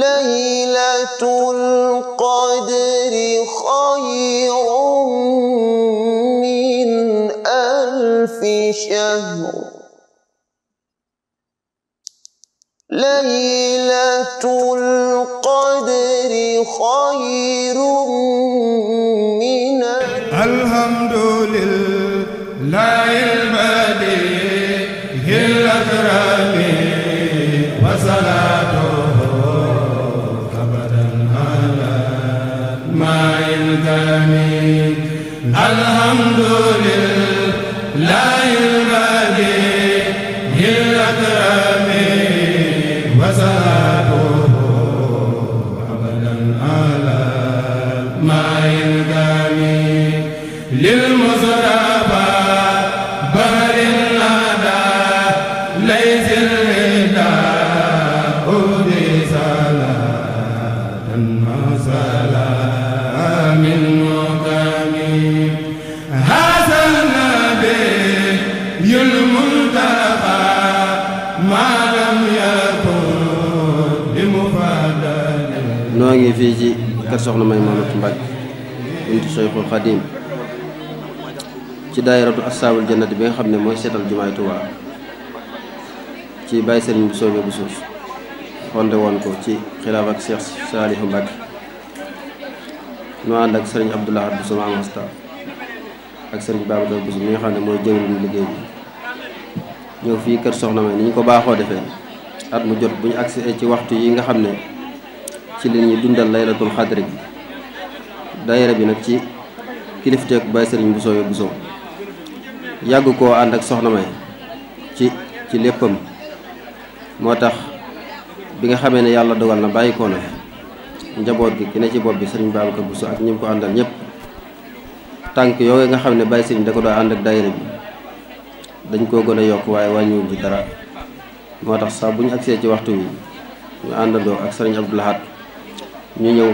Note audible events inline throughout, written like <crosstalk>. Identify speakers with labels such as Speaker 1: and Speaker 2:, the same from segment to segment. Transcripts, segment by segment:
Speaker 1: ليلة القدر خير من ألف شهر ليلة القدر خير من الحمد لله البديع الأكرم العالمين الحمد لله soxna may maamatu Mbàkke bintu Seyxul Xadim ci daayiratu asaabul jannati bi nga xam ne mooy seetal jumaay Tuubaa ci bàyyi sëriñ bi soobee bu suuf woon ko ci xilaaf ak Cheikh Saalihu Mbàkke nu ànd ak sëriñ bu sama amasta ak sëriñ Babacar bu nga xam ne mooy jëwriñu liggéey bi ñëw fii kër soxna may ni ñu ko baaxoo defee at mu jot bu ñu agsi ci waxtu yi nga xam ne ci li ñuy dundal laylatul xadri daayira bi nag ci kilifteeku Baye Serigne Bousso yu Bousso yàgg koo ànd ak soxna may ci ci léppam moo tax bi nga xamee ne yàlla dogal na bàyyi koo na njaboot gi ki ne ci bopp bi Serigne Babacar Bousso ak ñi ko àndal ñëpp tànk yooyu nga xam ne Baye Serigne da ko doon ànd ak daayira bi dañ koo gën yokk waaye wàññiwul ci dara moo tax saa bu ñu agsee ci waxtu wi ñu àndandoo ak Serigne Abdou Lahad ñu ñëw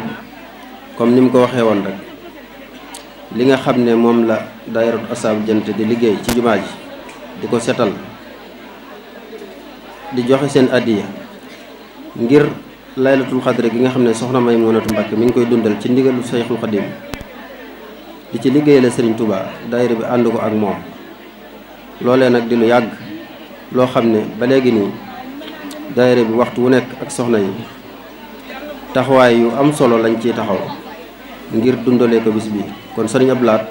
Speaker 1: comme ni mu ko waxee woon rek li nga xam ne moom la daayiratu Ashaabul Jannati di liggéey ci jumaa ji di ko setal di joxe seen addiya ngir laylatul xadri gi nga xam ne soxna may Maymunatu Mbàkke mi ngi koy dundal ci ndigalu Sayxul Xadiim di ci liggéeyale Sëriñ Tuubaa daayira bi ànd ko ak moom loolee nag di lu yàgg loo xam ne ba léegi nii daayira bi waxtu wu nekk ak soxna yi taxawaay yu am solo lañ ciy taxaw ngir dundalee ko bi kon sëriñ Abdou laat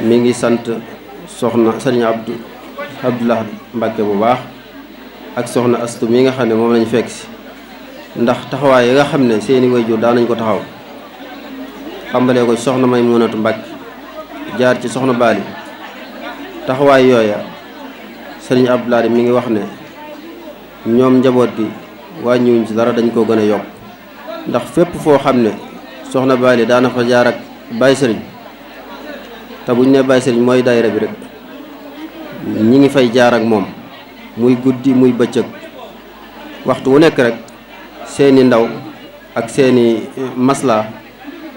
Speaker 1: mi ngi sant soxna sëriñ Abdou Abdou Mbàkke bu baax ak soxna astu mi nga xam ne moom lañu fekk si ndax taxawaay yi nga xam ne seeni waajur daanañ ko taxaw xambalee ko soxna may munatu Mbàkke jaar ci soxna baali taxawaay yooya sëriñ Abdou Lahad mi ngi wax ne ñoom njaboot gi wàññiwuñ ci dara dañ koo gën a yokk ndax fépp foo xam ne soxna Baali daana fa jaar ak Baye Sëriñ te buñ ne Baye Sëriñ mooy daayira bi rek ñi ngi fay jaar ak moom muy guddi muy bëccëg waxtu wu nekk rek seeni ndaw ak seeni eh, maslaa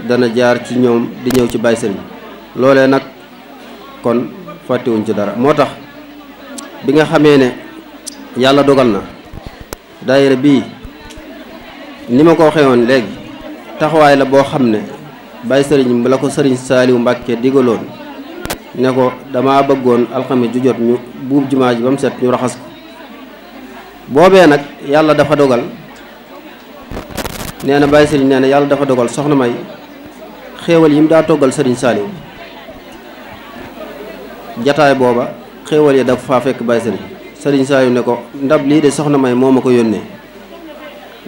Speaker 1: dana jaar ci ñoom di ñëw ci Baye Sëriñ loole nag kon fàttewuñ ci dara moo tax bi nga xamee ne yàlla dogal na daayira bii ni ma ko waxee woon léegi taxawaay la boo xam ne bay sëriñ bi la ko sëriñ Saaliw Mbàkke digaloon ne ko dama bëggoon alxames ju jot ñu buub jumaa ji ba mu set ñu raxas ko boobee nag yàlla dafa dogal nee na bàyyi sëriñ nee na yàlla dafa dogal soxna may xéewal yi mu daa toggal sëriñ Saaliw jataay booba xéewal yi dafa faa fekk bàyyi sëriñ sëriñ Saliou ne ko ndab lii de soxna may moo ma ko yónnee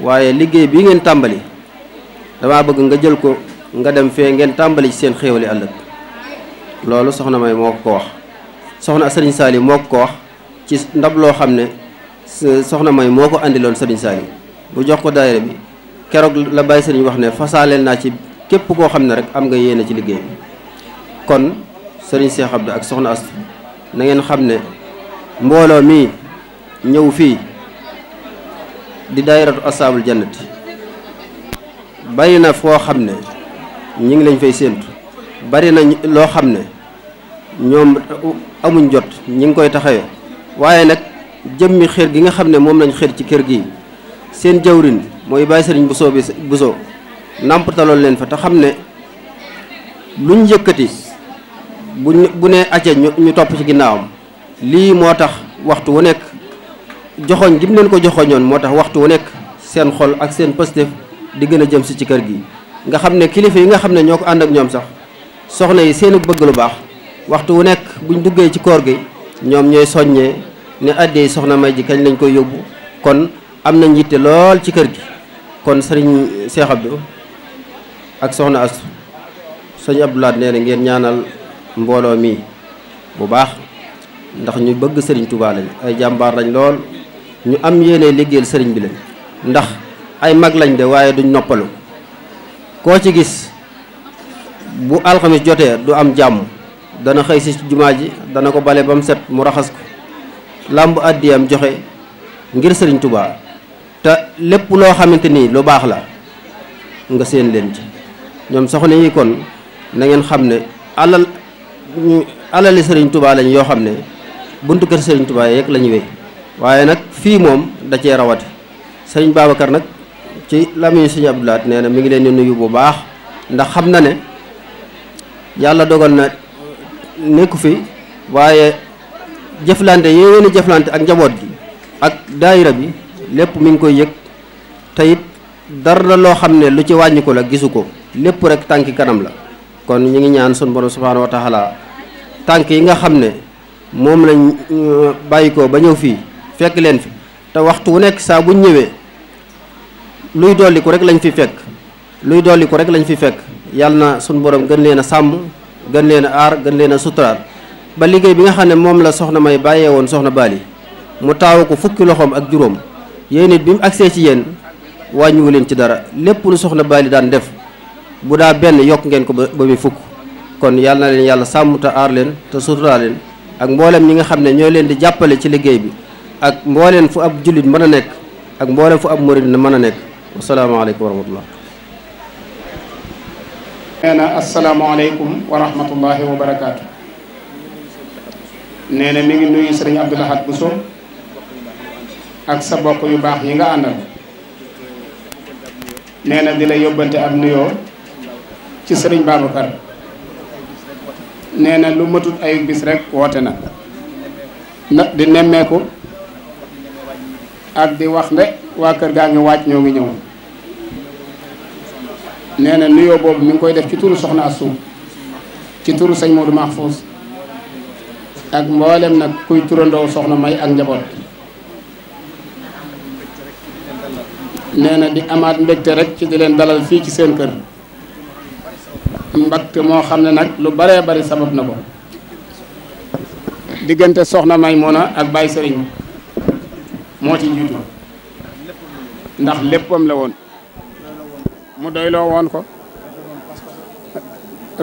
Speaker 1: waaye liggéey bi ngeen tàmbali dama bëgg nga jël ko nga dem fee ngeen tàmbali ci seen xéewali ëllëg loolu soxna may moo ko wax soxna sëriñ saali moo ko wax ci ndab loo xam ne soxna may moo ko indiloon sëriñ Saliou bu jox ko daayira bi keroog la bàyyi sëriñ wax ne fasaaleel naa ci képp koo xam ne rek am nga yéene ci liggéey bi kon sëriñ Cheikh Abdou ak soxna Astou na ngeen xam ne mbooloo mi ñëw fii di daayiratu asaabul jannati bari na foo xam ne ñi ngi lañ fay séentu bari na loo xam ne ñoom amuñ jot ñi ngi koy taxawee waaye nag jëmmi xër gi nga xam ne moom lañ xër ci kër gi seen jawrin mooy bàyyi sëriñ busoo bi busoo nàmpataloon leen fa te xam ne luñ yëkkati bu bu ne acca ñu topp ci ginnaawam lii moo tax waxtu wu nekk joxoñ gi mu leen ko joxoñoon moo tax waxtu wu nekk seen xol ak seen pëstef di gën a jëm si ci kër gi nga xam ne kilifa yi nga xam ne ñoo ko ànd ak ñoom sax soxna yi seen bëgg lu baax waxtu wu nekk buñ duggee ci koor gi ñoom ñooy soññee ne addee soxna may ji kañ lañ koy yóbbu kon am na njiite lool ci kër gi kon sëriñ Cheikh Abdou ak soxna Astu sëñ Abdoulaat nee na ngeen ñaanal mbooloo mi bu baax ndax ñu bëgg sëriñ Touba lañ ay jàmbaar lañ lool ñu am yéene liggéeyal sëriñ bi lañ ndax ay mag lañ de waaye duñ noppalu koo ci gis bu alxamis jotee du am jàmm dana xëy si jumaa ji dana ko bale ba mu set mu raxas ko làmb àddiyaam joxe ngir sëriñ tubaa te lépp loo xamante ni lu baax la nga séen leen ji ñoom soxna yi kon na ngeen xam ne alal alali sëriñ tubaa lañ yoo xam ne buntu kër Serigne Touba yeeg lañu ñu waaye nag fii moom da cee rawati sëriñ Babacar nag ci lamiñu sëriñ Abdou Lahad nee na mi ngi leen di nuyu bu baax ndax xam na ne yàlla dogal na nekku fi waaye jëflante yéen a jëflante ak njaboot gi ak daayira bi lépp mu ngi koy yëg te it dara loo xam ne lu ci wàññiku la gisu ko lépp rek tànki kanam la kon ñu ngi ñaan sun borom subhaanahu wa tànk yi nga xam ne moom lañ euh, bàyyi ba ñëw fii fekk leen fi te waxtu wu nekk saa buñ ñëwee luy dolliku rek lañ fi fekk luy dolliku rek lañ fi fekk yàlla na suñ borom gën leen a sàmm gën leen aar gën leen a ba liggéey bi nga xam ne moom la soxna may bàyyee woon soxna Bali mu taaw ko fukki loxoom ak juróom yéen it bi mu agsee ci yéen wàññiwu leen ci dara lépp lu soxna Bali daan def bu daa benn yokk ngeen ko ba ba fukk kon yàlla na leen yàlla sàmm te aar leen te suturaal leen ak mboolem ñi nga xam ne ñoo leen di jàppale ci liggéey bi ak mboolem fu ab jullit mën a nekk ak mboolem fu ab murid mën a nekk wasalaamaaleykum wa rahmatullah
Speaker 2: nee na asalaamaaleykum wa barakaatu nee na mi ngi nuyu sëriñ Abdou Lahad Bousso ak sa bokk yu baax yi nga àndal nee na di la yóbbante ab nuyoo ci sëriñ Babacar nee na lu matut ay bis rekk woote na na di nemmeeku ak di wax ne waa kër gaa ngi waaj ñoo ngi ñëw nee na nuyoo boobu mi ngi koy def ci turu Soxna Astou ci turu sëñ Modou Mahfouz ak mboolem nag kuy turandoo soxna May ak njaboot nee na di amaat mbégte rek ci di leen dalal fii ci seen kër mbatt moo xam ne nag lu baree bari sabab na ko diggante soxna Maymuna ak Baye Serigne moo ci jiitu ndax léppam la woon mu doyloo woon ko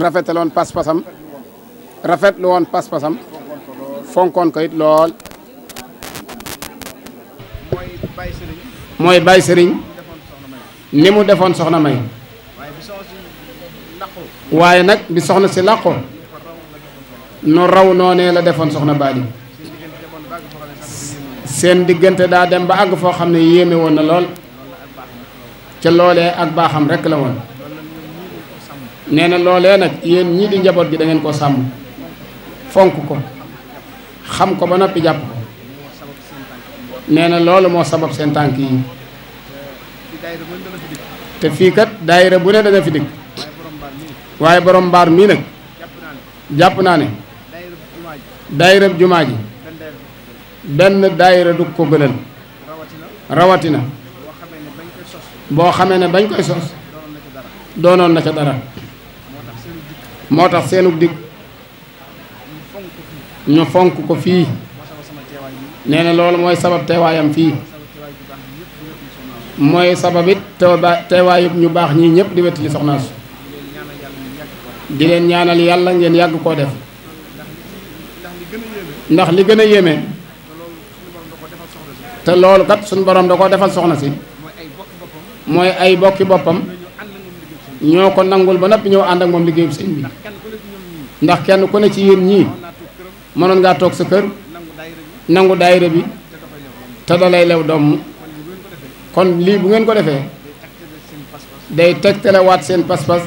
Speaker 2: rafetaloon pas-pasam rafetlu woon pas-pasam fonkoon koyit lool mooy Baye sëriñ ni mu defoon soxna May waaye nag bi soxna si làqoo nu raw noonee la defoon soxna Bali seen diggante daa dem ba àgg foo xam ne yéeme woon na lool ca loolee ak baaxam rekk la woon nee na loolee nag yéen ñii di njaboot gi dangeen ngeen koo sàmm fonk ko xam ko ba noppi jàpp ko nee na loolu moo sabab seen tànk yi te fii kat daayira bu ne dana fi dikk waaye borom mbaar mii nag jàpp naa ne daayira jumaa ji benn daayira du ko gënal rawatina boo xamee ne bañ koy sos doonoon na ca dara moo tax seenu dig
Speaker 1: ñu fonk ko fii
Speaker 2: nee na loolu mooy sabab teewaayam fii mooy sabab it teewaayub ñu baax ñii ñëpp di wetti li soxnaasu di leen ñaanal yàlla ngeen yàgg koo def ndax li gën a yéeme te loolu kat suñu borom da koo defal soxna si mooy ay bokki boppam ñoo ko nangul ba noppi ñëw ànd ak moom liggéeyub sëñ bi ndax kenn ku ne ci yéen ñii mënoon ngaa toog sa kër nangu daay bi te da lew doom kon lii bu ngeen ko defee day tegtalewaat seen pas-pas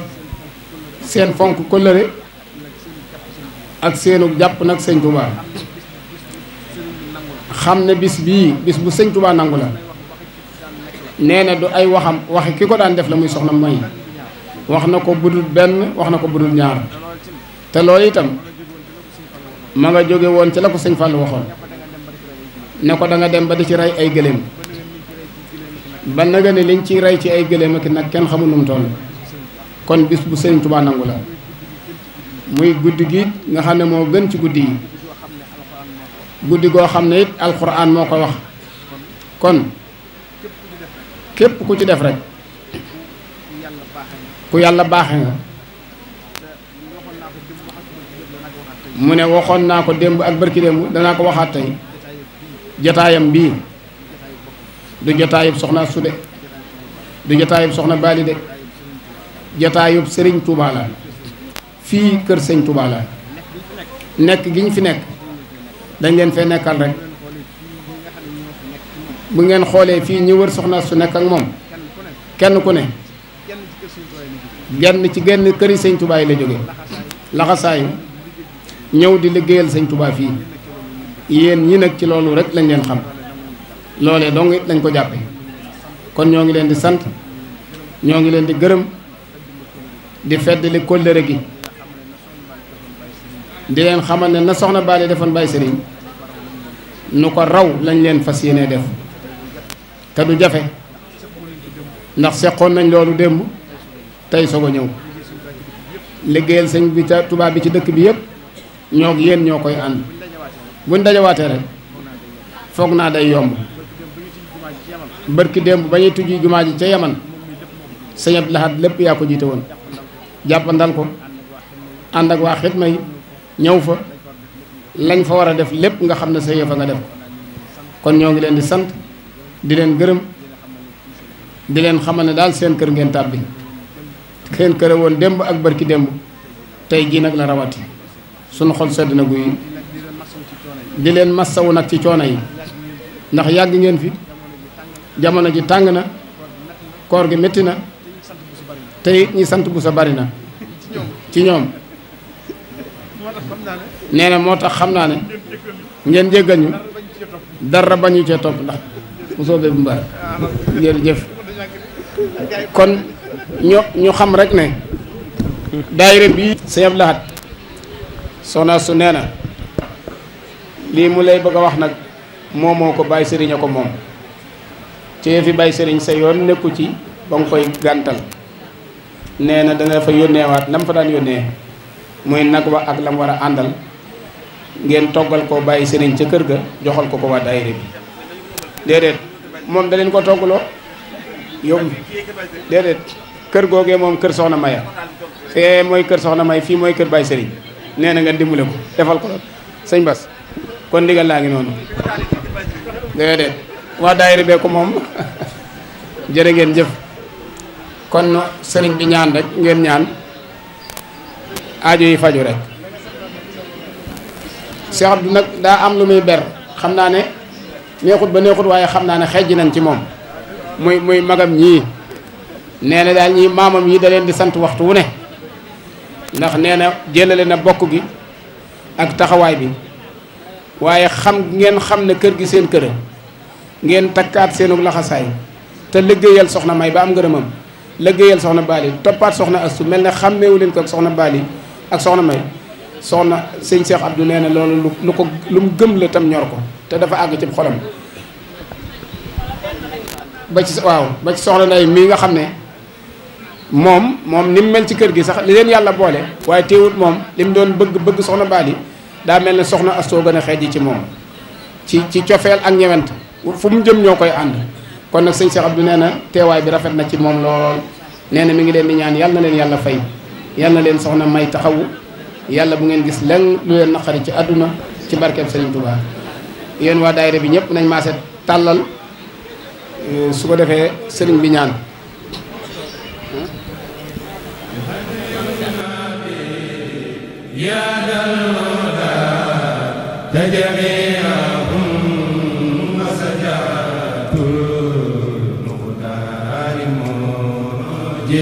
Speaker 2: seen fonk kóllëre ak seenu jàpp nag sëñ Touba xam ne bis bii bis bu sëñ Touba nangu la nee na du ay waxam waxi ki ko daan def la muy soxna may wax na ko budul benn wax na ko budul ñaar te loolu itam ma nga jóge woon ci la ko sëñ Fallou waxoon ne ko danga dem ba di ci rey ay gëléem ba naga ne liñ ci rey ci ay gëléem ak nag kenn xamul nu mu toll kon bis bu Sëriñ Tuubaa nangu la muy guddi gi nga xam ne moo gën ci guddi yi guddi goo xam ne it alxuraan moo ko wax kon képp ku ci def rek ku yàlla baaxe nga mu ne waxoon naa ko démb ak bërki démb danaa ko waxaat tey jataayam bii du jataayub soxna Sude du jataayub soxna Bali de jataayub sëriñ Touba la fii kër sëñ Touba la nekk gi ñu fi nekk dañ leen fee nekkal rek bu ngeen xoolee fii ñi wër soxna su nekk ak moom kenn ku ne genn ci genn këri sëñ Touba yi la jóge laxasaayu ñëw di liggéeyal sëñ Touba fii yéen ñi nekk ci loolu rek lañ leen xam loolee dong it lañ ko jàppe kon ñoo ngi leen di sant ñoo ngi leen di gërëm di feddali kóllëre gi di leen xamal ne na soxna Bally defoon Baye Serigne nu ko raw lañ leen fas yéene def te du jafe ndax seqoon nañ loolu démb tey soog a ñëw liggéeyal sëñ bi ca tubaab bi ci dëkk bi yëpp ñoo yéen ñoo koy ànd buñ dajawaatee rek foog naa day yomb bërki démb ba ñuy tujji jumaa ji ca yaman sëñ Abdou lépp yaa ko jiite woon jàppandal ko ànd ak waa xidma yi ñëw fa lañ fa war a def lépp nga xam ne sa fa nga def ko kon ñoo ngi leen di sant di leen gërëm di leen xamal ne daal seen kër ngeen tàbbi seen kër woon démb ak barki démb tey gii nag la rawati sunu xol sedd na guy di leen massawu nag ci coono yi ndax yàgg ngeen fi jamono ji tàng na koor gi métti na te ñi sant bu sa bari na ci ñoom nee na moo tax xam naa ne ngeen jéggal dara ba ñu cee topp ndax bu soobee bu mbar jërëjëf kon ñu ñu xam rek ne daayira bii sëñ Abdou Lahad soxna su nee na lii mu lay bëgg a wax nag moo moo ko bàyyi sëriñ a ko moom ci fi bay sëriñ sa yoon nekku ci ba nga koy gàntal nee na dana yónneewaat lam fa daan yónnee muy nag wa ak lam war a àndal ngeen toggal ko bàyyi sëriñ ca kër ga joxal ko ko waa daayira bi moom da ko toggaloo yóbbu kër googee moom kër soxna Maya mooy kër soxna May fii mooy kër Baye sëriñ nee na nga dimbale ko defal ko sëñ Bas kon ndigal laa ngi noonu déedéet waa daayira bee ko moom <laughs> jërë ngeen jëf kon sëriñ bi ñaan rek ngeen ñaan ajo yi faju rek Cheikh Abdou nag daa am lu muy ber xam naa ne neexut ba neexut waaye xam naa ne xejj nañ ci moom muy muy magam ñii nee ne daal ñii maamam yi da leen di sant waxtu wu ne ndax nee na jëlale na bokk gi ak taxawaay bi waaye xam ngeen xam ne kër gi seen kër ngeen takkaat seenu laxasaay te liggéeyal soxna may ba am ngërëmam lëggéeyal soxna baal Bali toppaat soxna astu mel ne xàmmeewu leen ko ak soxna Bali ak soxna may soxna sëñ Cheikh Abdou nee na loolu lu lu ko lu mu gëm la tam ñor ko te dafa àgg ci xolam ba ci waaw ba ci soxna nday mii nga xam ne moom moom ni mu mel ci kër gi sax li leen yàlla boole waaye teewut moom li mu doon bëgg bëgg soxna Bali daa mel ne soxna astoo gën a xeej ci moom ci ci cofeel ak ñewent fu mu jëm ñoo koy ànd kon nag sëñ Cheikh Abdou nee na teewaay bi rafet na ci moom lool nee na mi ngi leen di ñaan yàlla na leen yàlla fay yàlla leen soxna may taxawu yàlla bu ngeen gis lenn lu leen naqari ci àdduna ci barkeem Serigne Touba yéen waa daayira bi ñëpp nañ maase tàllal euh, su ko defee sëriñ bi ñaan